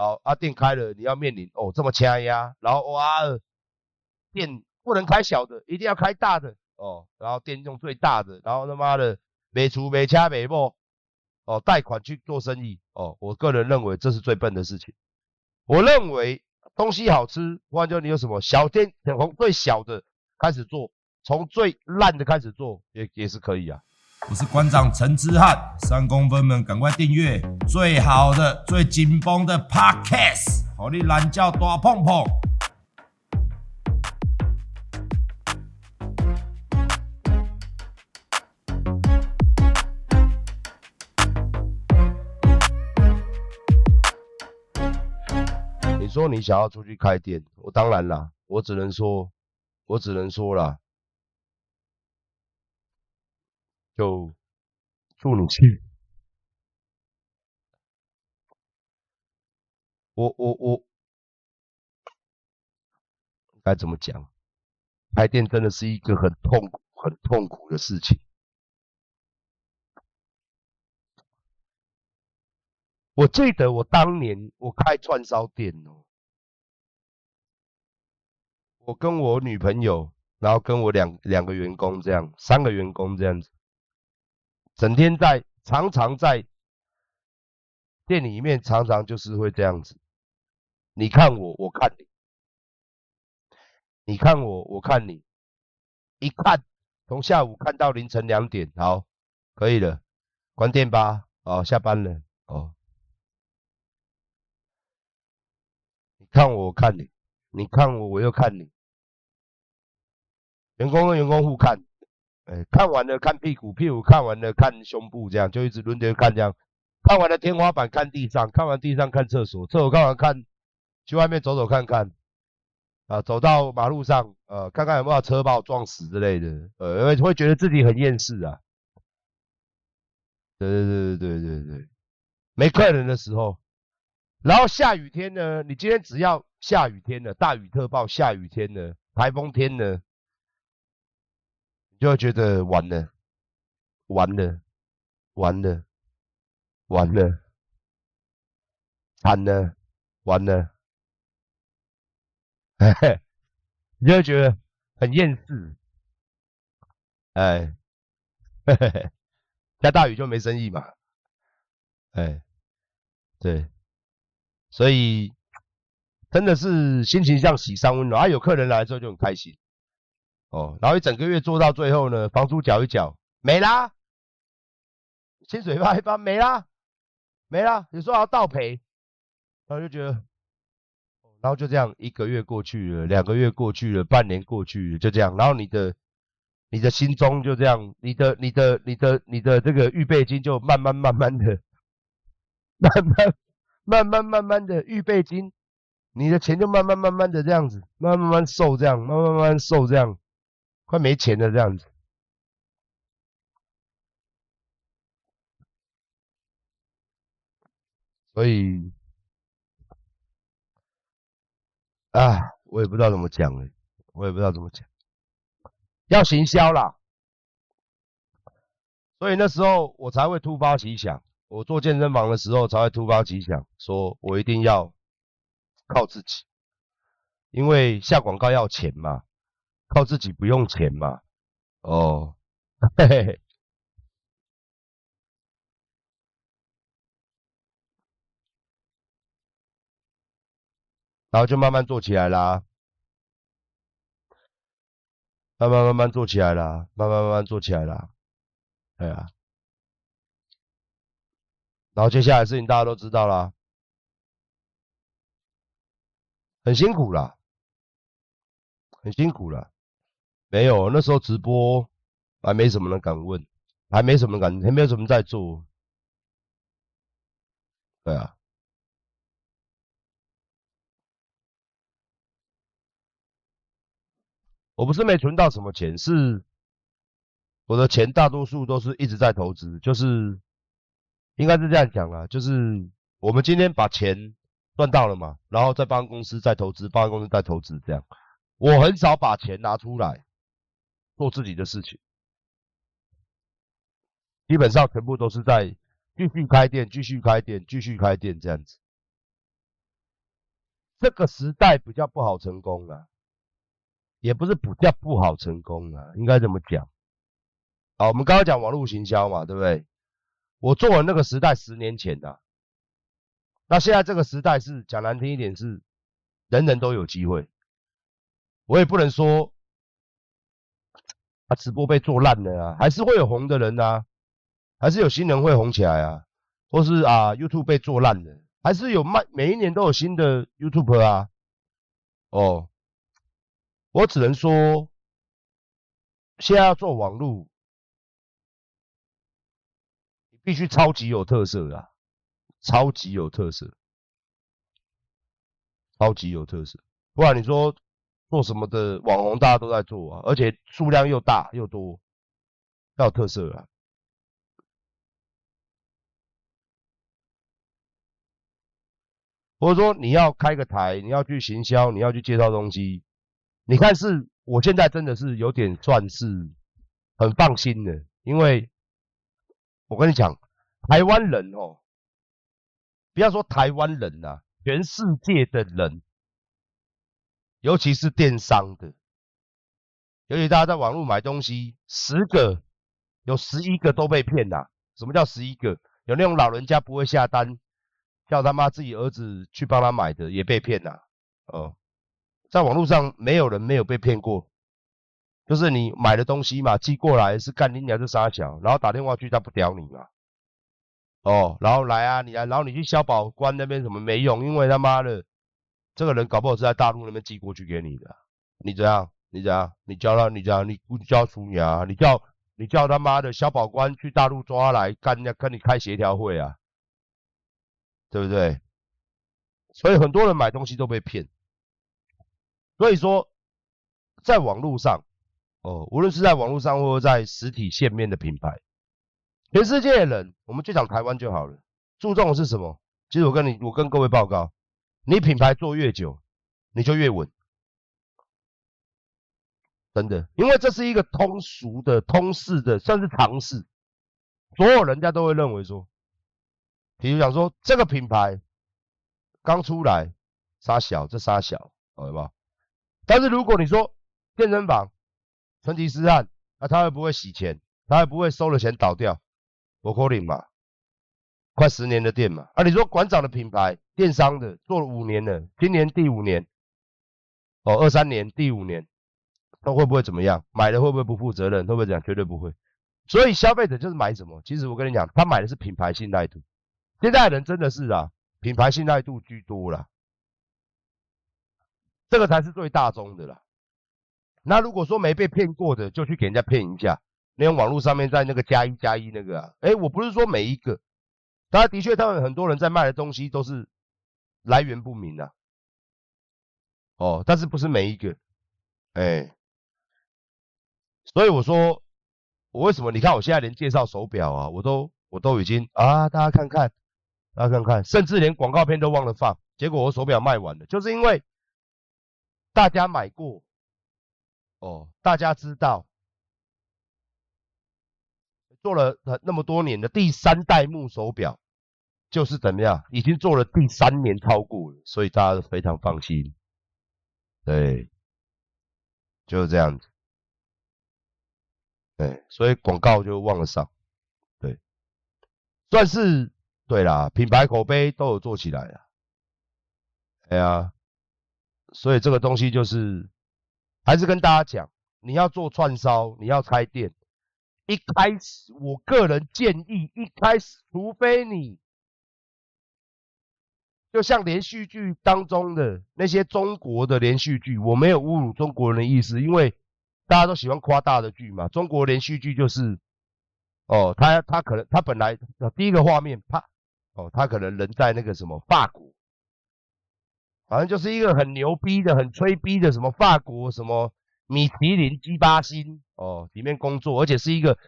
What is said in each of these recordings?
好，啊，店開了，你要面臨哦這麼掐壓，然後哇、呃，店不能開小的，一定要開大的哦，然後店用最大的，然後他媽的沒出沒掐沒沒哦貸款去做生意哦，我個人認為這是最笨的事情，我認為東西好吃，換就你有什麼小店，從最小的開始做，從最爛的開始做也也是可以啊。我是館長陳之翰，三公分們趕快訂閱最好的、最緊繃的 podcast。好，你懶叫大碰碰。你說你想要出去開店，我當然啦，我只能說，我只能說啦。就做你去。我我我該怎麼講？開店真的是一個很痛苦、很痛苦的事情。我記得我當年我開串燒店哦，我跟我女朋友，然後跟我兩兩個員工這樣，三個員工這樣子。整天在，常常在店裡面，常常就是會這樣子。你看我，我看你；你看我，我看你。一看，從下午看到凌晨兩點，好，可以了，關店吧。好，下班了。哦，你看我，我看你；你看我，我又看你。員工跟員工互看。哎、欸，看完了看屁股，屁股看完了看胸部，這樣就一直輪流看。這樣看完了天花板，看地上，看完地上看廁所，廁所看完看去外面走走看看，啊、呃，走到馬路上，呃，看看有沒有車把我撞死之類的，呃，因為會覺得自己很厭世啊。對對對對對對對，沒客人的時候，然後下雨天呢，你今天只要下雨天了，大雨特報，下雨天了，颱風天了。就會覺得完了，完了，完了，完了，慘了，完了，嘿嘿，你就會覺得很厭世，哎嘿嘿嘿，下大雨就沒生意嘛，哎，對，所以真的是心情像洗三溫暖，啊，有客人來之後就很開心。哦，然後一整個月做到最後呢，房租繳一繳沒啦，薪水發一發沒啦，沒啦，你說要倒賠，然後就覺得，然後就這樣一個月過去了，兩個月過去了，半年過去了，就這樣，然後你的你的心中就這樣，你的你的你的你的這個預備金就慢慢慢慢的，慢慢慢慢慢慢的預備金，你的錢就慢慢慢慢的這樣子，慢慢慢瘦這樣，慢慢慢瘦這樣。快沒錢了這樣子，所以啊，我也不知道怎麼講，我也不知道怎麼講，要行銷啦。所以那時候我才會突發奇想，我做健身房的時候才會突發奇想，說我一定要靠自己，因為下廣告要錢嘛。靠自己不用錢嘛，哦，嘿嘿嘿，然後就慢慢做起來啦。慢慢慢慢做起來啦。慢慢慢慢做起來啦。對啊，然後接下來事情大家都知道啦。很辛苦啦。很辛苦啦。沒有，那時候直播還沒什麼人敢問，還沒什麼人敢，還沒有什麼人在做。對啊，我不是沒存到什麼錢，是我的錢大多數都是一直在投資，就是應該是這樣講啦，就是我們今天把錢賺到了嘛，然後再幫公司再投資，幫公司再投資這樣，我很少把錢拿出來。做自己的事情，基本上全部都是在繼續開店、繼續開店、繼續開店這樣子。這個時代比較不好成功啊，也不是比較不好成功啊，應該怎麼講？啊，我們剛剛講網絡行銷嘛，對不對？我做了那個時代十年前的，啊，那現在這個時代是講難聽一點是人人都有機會，我也不能說。他、啊、直播被做爛了啊，還是會有紅的人啊，還是有新人會紅起來啊，或是啊，YouTube 被做爛了，還是有賣，每一年都有新的 YouTuber 啊。哦，我只能說，現在要做網絡，你必須超級有特色啊，超級有特色，超級有特色，不然你說。做什麼的網紅大家都在做啊，而且數量又大又多，要有特色啊。或者說你要開個台，你要去行銷，你要去介紹東西，你看是，我現在真的是有點算是很放心的，因為，我跟你講，台灣人哦，不要說台灣人啦、啊，全世界的人。尤其是電商的，尤其大家在網絡買東西，十個有十一個都被騙啦、啊。什麼叫十一個？有那種老人家不會下單，叫他媽自己兒子去幫他買的，也被騙啦、啊。哦，在網絡上沒有人沒有被騙過，就是你買的東西嘛，寄過來是幹你娘就殺小，然後打電話去他不屌你嘛。哦，然後來啊，你來，然後你去消保官那邊什麼沒用，因為他媽的。這個人搞不好是在大陸那邊寄過去給你的、啊，你這樣？你這樣？你叫他，你這樣？你叫蘇雅，你叫你叫，你叫他媽的小保官去大陸抓來幹，跟要跟你開協調會啊，對不對？所以很多人買東西都被騙。所以說，在網絡上，哦，無論是在網絡上，或者在實體店面的品牌，全世界的人，我們就講台灣就好了。注重的是什麼？其實我跟你，我跟各位報告。你品牌做越久，你就越穩，真的，因為這是一個通俗的、通世的，算是常識，所有人家都會認為說，比如講說這個品牌剛出來，殺小這殺小，懂了吧？但是如果你說健身房、成吉思汗，那、啊、他會不會洗錢？他會不會收了錢倒掉？不可能吧？快十年的店嘛，啊，你說館長的品牌電商的做了五年了，今年第五年，哦，二三年第五年，他會不會怎麼樣？買的會不會不負責任？都會不會這樣？絕對不會。所以消費者就是買什麼，其實我跟你講，他買的是品牌信賴度。現在人真的是啊，品牌信賴度居多了，這個才是最大宗的啦。那如果說沒被騙過的，就去給人家騙一下，連網絡上面在那個加一加一那個啊，哎、欸，我不是說每一個。大家的確，他們很多人在賣的東西都是來源不明的，啊，哦，但是不是每一個，哎、欸，所以我說我為什麼？你看我現在連介紹手錶啊，我都我都已經啊，大家看看，大家看看，甚至連廣告片都忘了放，結果我手錶賣完了，就是因為大家買過，哦，大家知道。做了那麼多年的第三代目手錶，就是怎麼樣？已經做了第三年超過了，所以大家都非常放心。對，就是這樣子。對，所以廣告就忘了上。對，算是對啦，品牌口碑都有做起來了。哎呀、啊，所以這個東西就是，還是跟大家講，你要做串燒，你要開店。一開始，我個人建議，一開始，除非你，就像連續劇當中的那些中國的連續劇，我沒有侮辱中國人的意思，因為大家都喜歡誇大的劇嘛。中國連續劇就是，哦，他他可能他本來第一個畫面，啪，哦，他可能人在那個什麼法國，反正就是一個很牛逼的、很吹逼的什麼法國什麼。米其林雞巴星哦，裡面工作，而且是一個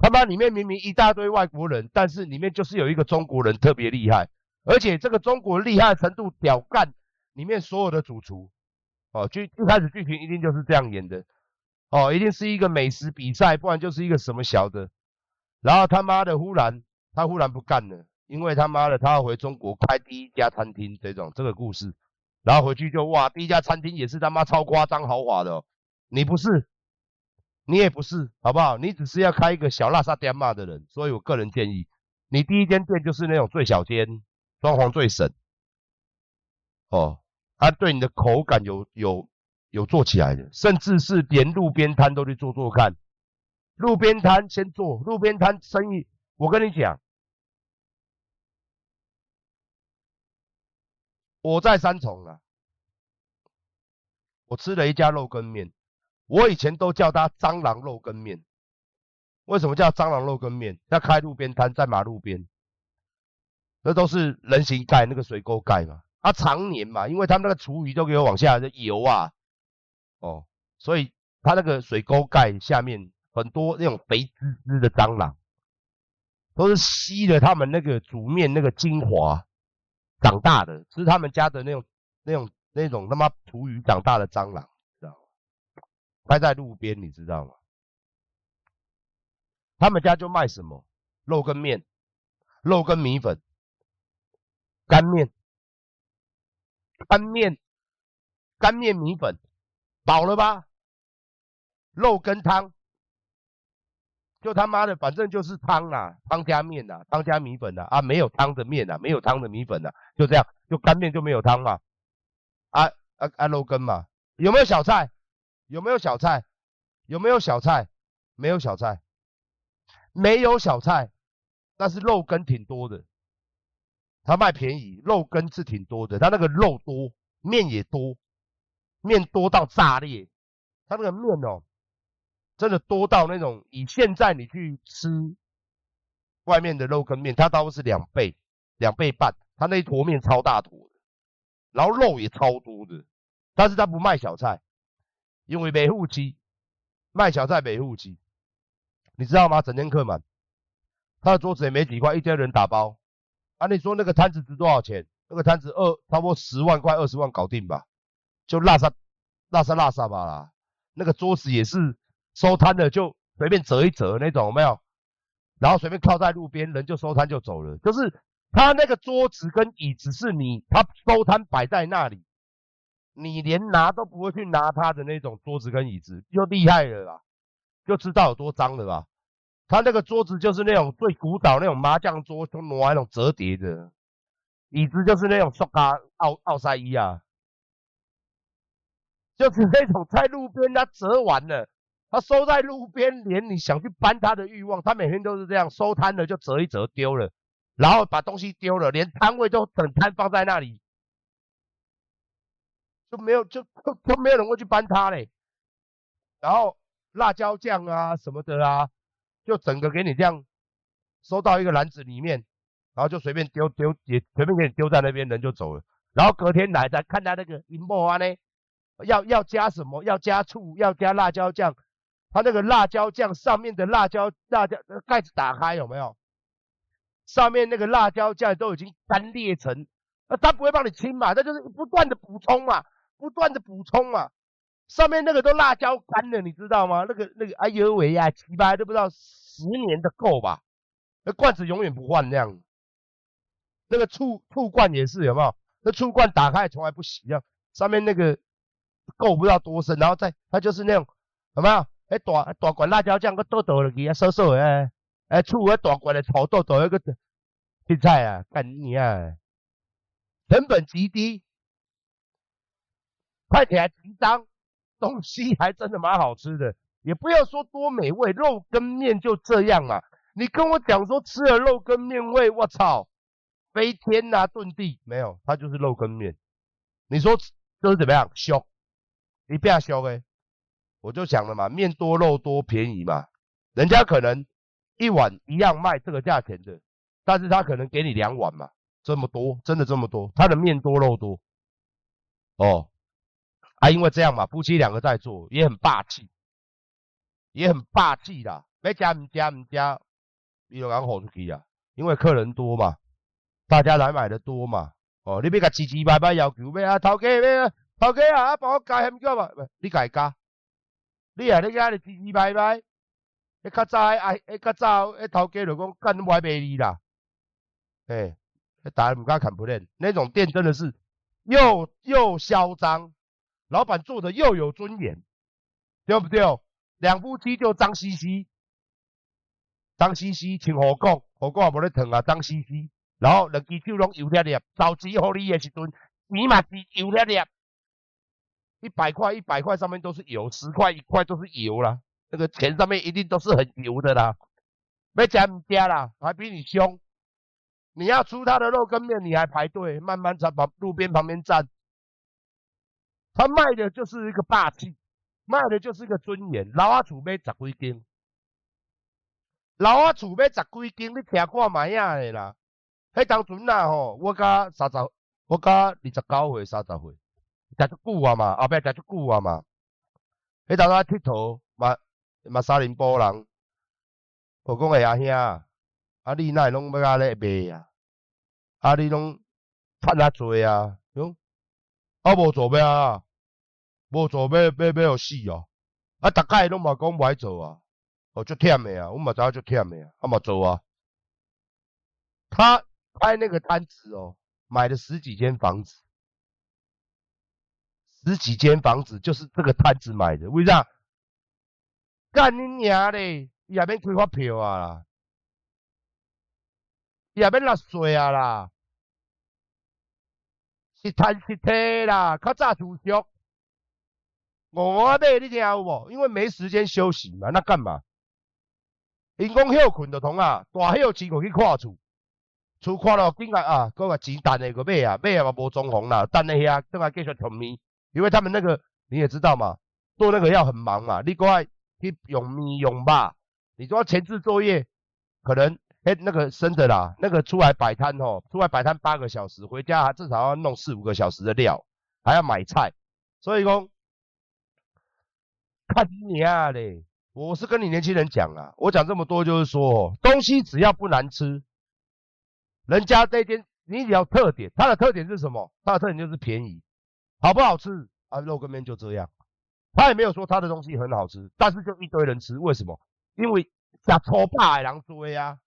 他媽裡面明明一大堆外國人，但是裡面就是有一個中國人特別厲害，而且這個中國人厲害的程度屌幹裡面所有的主廚哦。劇一開始劇情一定就是這樣演的哦，一定是一個美食比賽，不然就是一個什麼小的，然後他媽的忽然他忽然不幹了，因為他他媽的他要回中國開第一家餐廳這種這個故事。然後回去就哇，第一家餐廳也是他媽超誇張豪華的哦。你不是，你也不是，好不好？你只是要開一個小拉薩店罵的人，所以我個人建議，你第一間店就是那種最小間，裝潢最省，哦，它對你的口感有有有做起來的，甚至是連路邊攤都去做做看，路邊攤先做，路邊攤生意，我跟你講，我在三重啊，我吃了一家肉羹麵。我以前都叫它蟑螂肉羹麵，為什麼叫蟑螂肉羹麵？它開路邊攤在馬路邊，那都是人行蓋那個水溝蓋嘛，它、啊、常年嘛，因為他們那個廚餘都給我往下游啊，哦，所以他那個水溝蓋下面很多那種肥滋滋的蟑螂，都是吸了他們那個煮麵那個精華長大的，是他們家的那種那種那種他媽廚餘長大的蟑螂。待在路邊，你知道嗎？他們家就賣什麼肉羹麵，肉羹米粉，乾麵，乾麵，乾麵米粉，飽了吧？肉羹湯，就他媽的，反正就是湯啦，湯加麵啦，湯加米粉啦，啊，沒有湯的麵啦，沒有湯的米粉啦，就這樣，就乾麵就沒有湯嘛，啊啊啊，啊肉羹嘛，有沒有小菜？有沒有小菜？有沒有小菜？沒有小菜，沒有小菜，但是肉羹挺多的。他賣便宜，肉羹是挺多的。他那個肉多，麵也多，麵多到炸裂。他那個麵哦,真的多到那種，以現在你去吃外面的肉羹麵，他都是兩倍、兩倍半。他那一坨麵超大坨的，然後肉也超多的，但是他不賣小菜。因為每戶期，賣小菜每戶期，你知道嗎？整天客滿，他的桌子也沒幾塊，一堆人打包。啊，你說那個攤子值多少錢？那個攤子二，差不多十萬塊、二十萬搞定吧？就拉沙、拉沙、拉沙吧啦。那個桌子也是收攤的，就隨便折一折那種，有沒有？然後隨便靠在路邊，人就收攤就走了。就是他那個桌子跟椅子是你，他收攤擺在那裡。你連拿都不會去拿他的那種桌子跟椅子，就厲害了啦，就知道有多髒了吧？他那個桌子就是那種最古早那種麻將桌，就挪那種折疊的。椅子就是那種塑膠奧奧賽伊啊，就是那種在路邊他折完了，他收在路邊，連你想去搬他的欲望，他每天都是這樣收攤了就折一折丟了，然後把東西丟了，連攤位都整攤放在那裡。就沒有就就沒有人會去搬它嘞，然後辣椒醬啊什麼的啊，就整個給你這樣收到一個籃子裡面，然後就隨便丟丟也隨便給你丟在那邊，人就走了。然後隔天來再看他那個銀包呢，要要加什麼？要加醋？要加辣椒醬？他那個辣椒醬上面的辣椒辣椒蓋子打開有沒有？上面那個辣椒醬都已經乾裂成，那他不會幫你清嘛？那就是不斷的補充嘛。不斷的補充啊，上面那個都辣椒乾了，你知道嗎？那個那個，哎呦喂呀，啊，雞巴都不知道十年的垢吧？那罐子永遠不換那樣，那個醋醋罐，也是有沒有？那醋罐打開從來不洗，啊，上面那個垢不知道多深，然後再它就是那種有沒有？哎短短罐辣椒醬個痘痘的給它瘦瘦哎哎醋個短罐的炒痘痘，那個青菜啊，幹你啊，成本極低。快點成章。張東西還真的蠻好吃的，也不要說多美味，肉羹麵就這樣嘛。你跟我講說吃了肉羹麵味，我操，飛天啊遁地沒有，它就是肉羹麵。你說這，就是怎麼樣？削？你不要削哎！我就想了嘛，面多肉多便宜嘛。人家可能一碗一樣賣這個價錢的，但是他可能給你兩碗嘛，這麼多，真的這麼多，他的面多肉多，哦。啊，因為這樣嘛，夫妻兩個在做，也很霸氣，也很霸氣啦。沒加、不加、不加，有人火出去啊！因為客人多嘛，大家來買的多嘛。哦，你別甲嘰嘰歪歪要求，別啊，頭家別啊，頭家啊，啊，幫我加很多嘛，不，你家己加。你啊，你家啊，嘰嘰歪歪，一較早哎，一較早，一頭家就講幹你歪賣你啦。哎、欸，大家不敢 complain，那種店真的是又又囂張。老板做的又有尊嚴，對不對？兩夫妻就髒兮兮，髒兮兮，請火鍋，火鍋不咧燙啊，髒兮兮，然後兩隻手攏油捏捏，找錢付你也時陣，你嘛是油捏捏，一百塊一百塊上面都是油，十塊一塊都是油啦，那個錢上面一定都是很油的啦。沒講價啦，還比你凶，你要出他的肉羹麵，你還排隊，慢慢在旁路邊旁邊站。他賣的就是一個霸氣，賣的就是一個尊嚴。老阿厝買十幾斤，老阿厝買十幾斤，你聽看賣樣個啦。迄當陣啦吼，我甲三十，我甲二十九歲三十歲，食足久啊嘛，後壁食足久啊嘛。迄當陣啊，佚佗嘛嘛沙林波人，我講個阿兄，阿、啊、你奈攏要甲咧賣啊？啊你了了，你攏差那濟啊我？我無做咩啊？無做買買買互死哦！啊，逐個概攏嘛講歹做啊，哦，足忝個啊，阮嘛知影足忝個啊，啊嘛做啊。他開那個攤子哦，買了十幾間房子，十幾間房子就是這個攤子買的，為啥？幹恁 娘嘞！伊也免開發票啊，伊也免納稅啊，啦，是談實體啦，較早住宿。我啊你聽有無？因為沒時間休息嘛，那幹嘛？因講休困就同啊，大休錢去看厝，厝看、啊、了，今下啊，擱個錢等下個買啊，買啊嘛無中紅啦，等下遐等下繼續舂面。因為他們那個你也知道嘛，做那個要很忙啊，你乖去用米用吧。你說前置作業可能誒，那個生的啦，那個出來擺攤吼，出來擺攤八個小時，回家還至少要弄四五個小時的料，還要買菜，所以講。看你啊嘞！我是跟你年輕人講啊，我講這麼多就是說，東西只要不難吃，人家這邊你只要特點，它的特點是什麼？它的特點就是便宜，好不好吃啊？肉羹麵就這樣，他也沒有說他的東西很好吃，但是就一堆人吃，為什麼？因為食粗飽的人多呀、啊，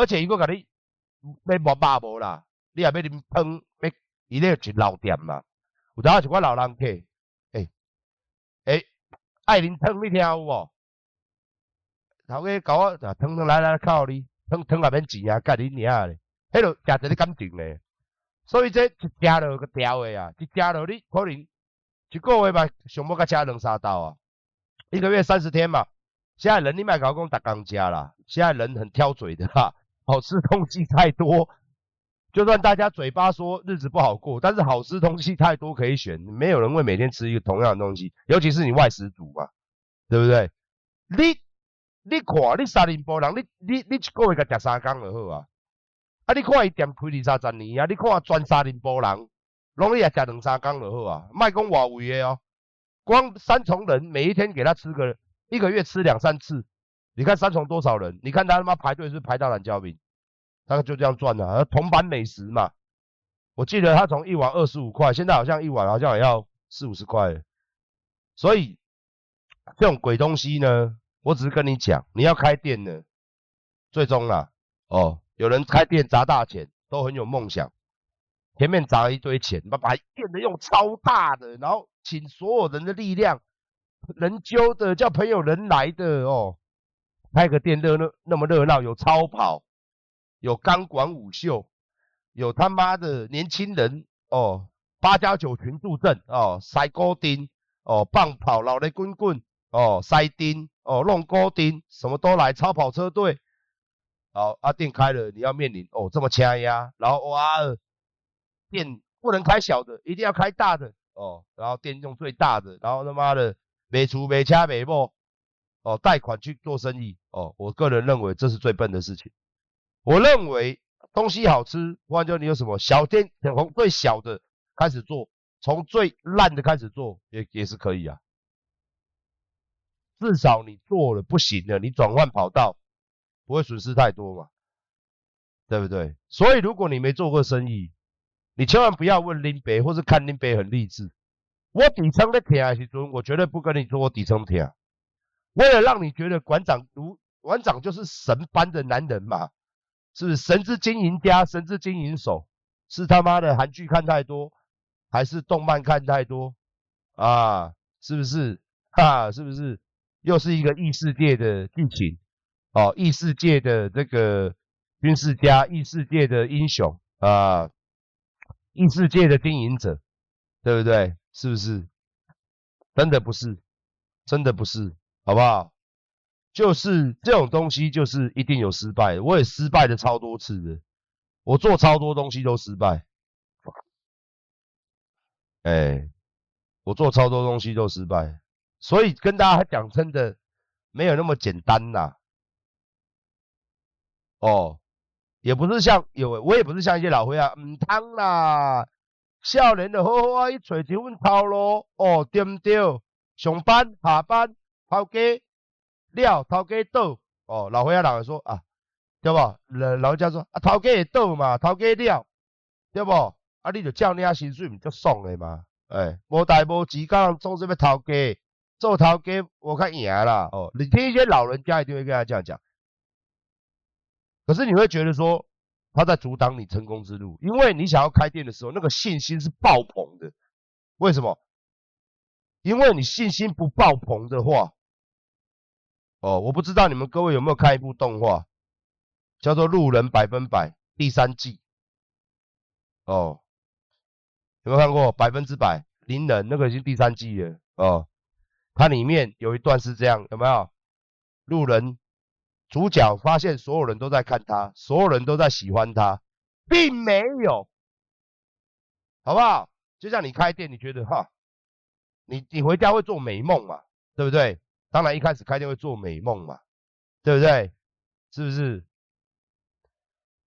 而且如果給你要木霸無啦，你也要飲湯，要伊那個是老店啦，有倒一些老客人家。愛恁疼你聽有無？頭家教我，疼、啊、疼來來靠你，疼疼內面錢啊，靠你領嘞。迄囉吃着哩感情嘞，所以這一吃落個挑的啊，一吃落你可能一個月吧，想要甲食兩三道啊。一個月三十天吧，現在人你莫甲我講逐工食啦，現在人很挑嘴的啦、啊，好吃東西太多。就算大家嘴巴說日子不好過，但是好吃東西太多可以選，沒有人會每天吃一個同樣的東西。尤其是你外食族嘛，對不對？你，你看，你三林波人，你你你一個月給他吃三缸就好啊。啊，你看伊店開二三十年啊，你看全三林波人，攏也吃兩三缸就好啊。賣講外圍的哦，光三重人每一天給他吃個，一個月吃兩三次，你看三重多少人？你看他他媽排隊是，是排到爛膠餅。大概就這樣賺啦、啊，而銅板美食嘛，我記得他從一碗二十五塊，現在好像一碗好像也要四五十塊。所以這種鬼東西呢，我只是跟你講，你要開店呢，最終啊，哦，有人開店砸大錢，都很有夢想，前面砸一堆錢，把把店的用超大的，然後請所有人的力量，人揪的叫朋友人來的哦，開個店熱鬧那麼熱鬧，有超跑，有鋼管舞秀，有他媽的年輕人哦，八加九群助陣哦，塞高釘哦，棒跑老雷棍棍哦，塞釘哦，弄高釘，什麼都來超跑車隊。哦，阿、啊、店開了，你要面臨哦這麼掐壓，然後哇、啊，店不能開小的，一定要開大的哦，然後店用最大的，然後他媽的沒出沒掐沒爆哦，貸款去做生意哦，我個人認為這是最笨的事情。我認為東西好吃，換就你有什麼小店，從最小的開始做，從最爛的開始做也也是可以啊。至少你做了不行的，你轉換跑道不會損失太多嘛，對不對？所以如果你沒做過生意，你千萬不要問林北，或是看林北很勵志。我底層的鐵還是忠，我絕對不跟你做我底層鐵。為了讓你覺得館長如館長就是神般的男人嘛。是神之經營家，神之經營手，是他媽的韓劇看太多，還是動漫看太多啊？是不是？哈、啊，是不是？又是一個異世界的劇情哦，異、啊、世界的這個軍事家，異世界的英雄啊，異世界的經營者，對不對？是不是？真的不是，真的不是，好不好？就是這種東西，就是一定有失敗的。我也失敗了超多次的，我做超多東西都失敗。哎、欸，我做超多東西都失敗，所以跟大家講，真的沒有那麼簡單啦。哦，也不是像有，我也不是像一些老灰啊，唔湯啦。少年的呵、啊，啊一找一問超路哦，對不對？上班下班 O K。料頭家倒哦，老伙仔老人說啊，對不？老老人家說啊，頭家會倒嘛？頭家料，對不？啊，你就降你阿心水，你就送了嘛？哎，無大無時間種什麼頭家，做頭家無較贏啦。哦，你聽一些老人家一定會跟他這樣講，可是你會覺得說他在阻擋你成功之路，因為你想要開店的時候，那個信心是爆棚的。為什麼？因為你信心不爆棚的話。哦，我不知道你們各位有沒有看一部動畫，叫做《路人百分百》第三季。哦，有沒有看過？百分之百靈能那個已經第三季了。哦，它裡面有一段是這樣，有沒有？路人主角發現所有人都在看他，所有人都在喜歡他，並沒有，好不好？就像你開店，你覺得哈，你你回家會做美夢嘛？對不對？當然，一開始開店會做美夢嘛，對不對？是不是？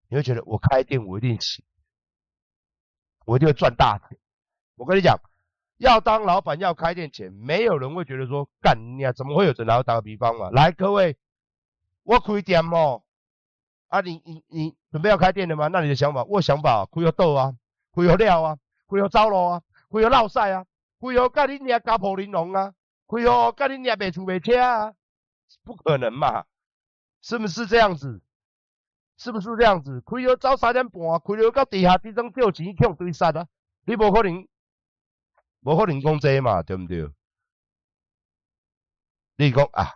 你會覺得我開店我，我一定行，我一定會賺大錢。我跟你講，要當老闆，要開店前，沒有人會覺得說幹你啊，怎麼會有這老後，打個比方嘛、啊，來各位，我開店哦、喔，啊你你你，你準備要開店了嗎？那你的想法？我想法、啊、開到倒啊，開到料啊，開到走路啊，開到鬧塞啊，開到甲你遐家破人亡啊。開好，甲你孭白出白車啊，不可能嘛，是不是這樣子？是不是這樣子？開好走三點半，開好到地下，借錢欠幾十萬啊！你無可能，無可能講這個嘛，對毋對？你講啊，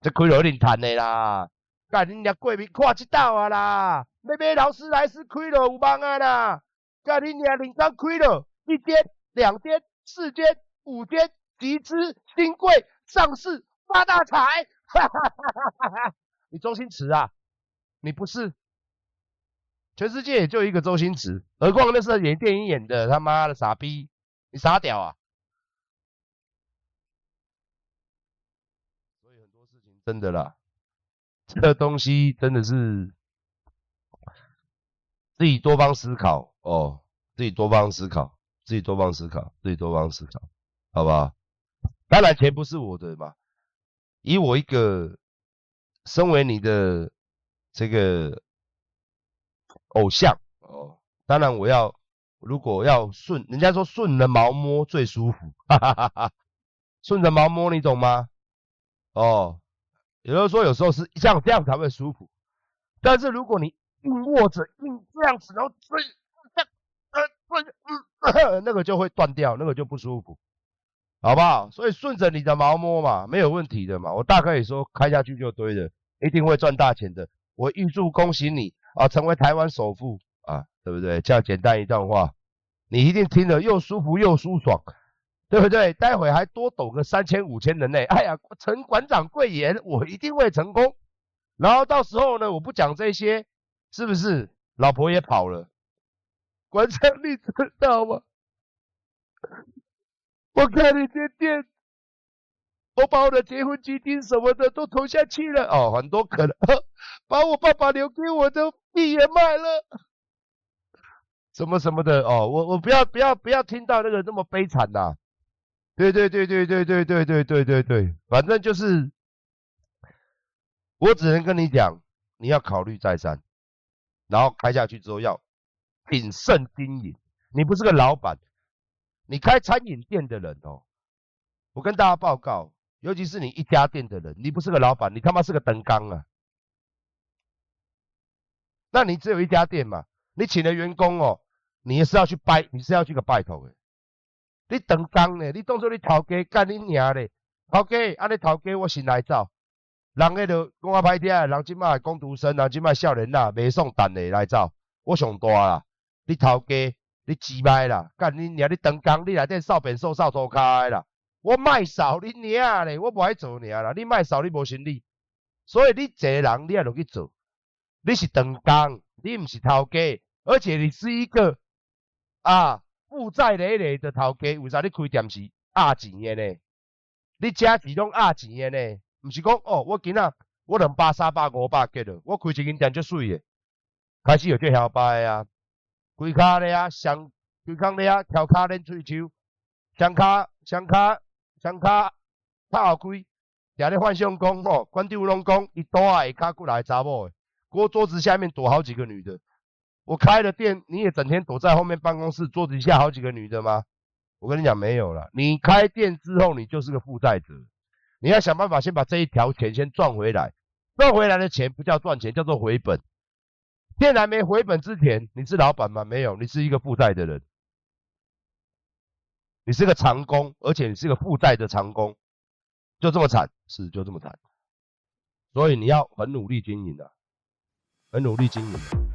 這開好一定賺的啦，甲你孭過面看即道啊啦，要買勞斯萊斯開好有萬啊啦，甲你孭領章開好一天、兩天、四天、五天。集資金貴上市發大財，哈哈哈哈，你周星馳啊？你不是？全世界也就一個周星馳，何況那是演電影演的，他媽的傻逼！你傻屌！啊！所以很多事情真的啦，這個、東西真的是自己多方思考哦，自己多方思考，自己多方思考，自己多方思，思考，好不好？當然，錢不是我的嘛。以我一個身為你的這個偶像哦，當然我要，如果要順，人家說順着毛摸最舒服，哈哈哈哈。順着毛摸你懂嗎？哦，也就是說有時候是像這樣才會舒服。但是如果你硬握着，硬這樣子，然後這樣、嗯，那個就會斷掉，那個就不舒服。好不好？所以順着你的毛摸嘛，沒有問題的嘛。我大概也說開下去就對了，一定會賺大錢的。我預祝恭喜你啊，成為台灣首富啊，對不對？這樣簡單一段話，你一定聽得又舒服又舒爽，對不對？待會還多抖個三千五千的呢。哎呀，承館長貴言，我一定會成功。然後到時候呢，我不講這些，是不是？老婆也跑了，館長你知道嗎？我看你店店，我把我的結婚基金什麼的都投下去了。哦，很多可能把我爸爸留給我的地也賣了，什麼什麼的哦，我我不要不要不要聽到那個那麼悲慘的啊，對對對對對對對對對對對，反正就是，我只能跟你講，你要考慮再三，然後開下去之後要謹慎經營，你不是個老闆。你開餐飲店的人哦、喔，我跟大家報告，尤其是你一家店的人，你不是個老板，你他媽是個燈缸啊！那你只有一家店嘛，你請了員工哦、喔，你也是要去拜，你是要去個拜託誒。你燈缸呢，你當做你頭家幹恁娘咧，頭家啊，你頭家我先來走。人家都講話歹聽，人今麥工讀生，人今麥少年郎，沒送膽的來走。我上大啦，你頭家。汝擠麥啦，幹恁娘！汝長工，汝來這掃便掃掃塗骹誒啦。我賣掃，恁娘咧，我無愛做娘啦。汝賣掃，汝無生意。所以汝一個人汝也著去做。汝是長工，汝毋是頭家，而且你是一個啊負債累累的頭家。為啥汝開店是壓錢誒呢？汝家是攏壓錢誒呢？毋是講哦，我囡仔我兩百三百五百結了，我開一間店足水誒，開始有這招牌啊。鬼卡嘞啊，雙鬼腳嘞啊，卡腳舔追求，雙卡，雙卡，雙卡，趴後跪，定在翻相公哦，關雕龍宮一哆啊一卡過來查某。哎？我桌子下面躲好幾個女的，我開了店你也整天躲在後面辦公室桌子底下好幾個女的嗎？我跟你講沒有了，你開店之後你就是個負債者，你要想辦法先把這一條錢先賺回來，賺回來的錢不叫賺錢，叫做回本。店還沒回本之前，你是老闆嗎？沒有，你是一個負債的人。你是個長工，而且你是個負債的長工，就這麼慘，是，就這麼慘。所以你要很努力經營的，啊，很努力經營，啊。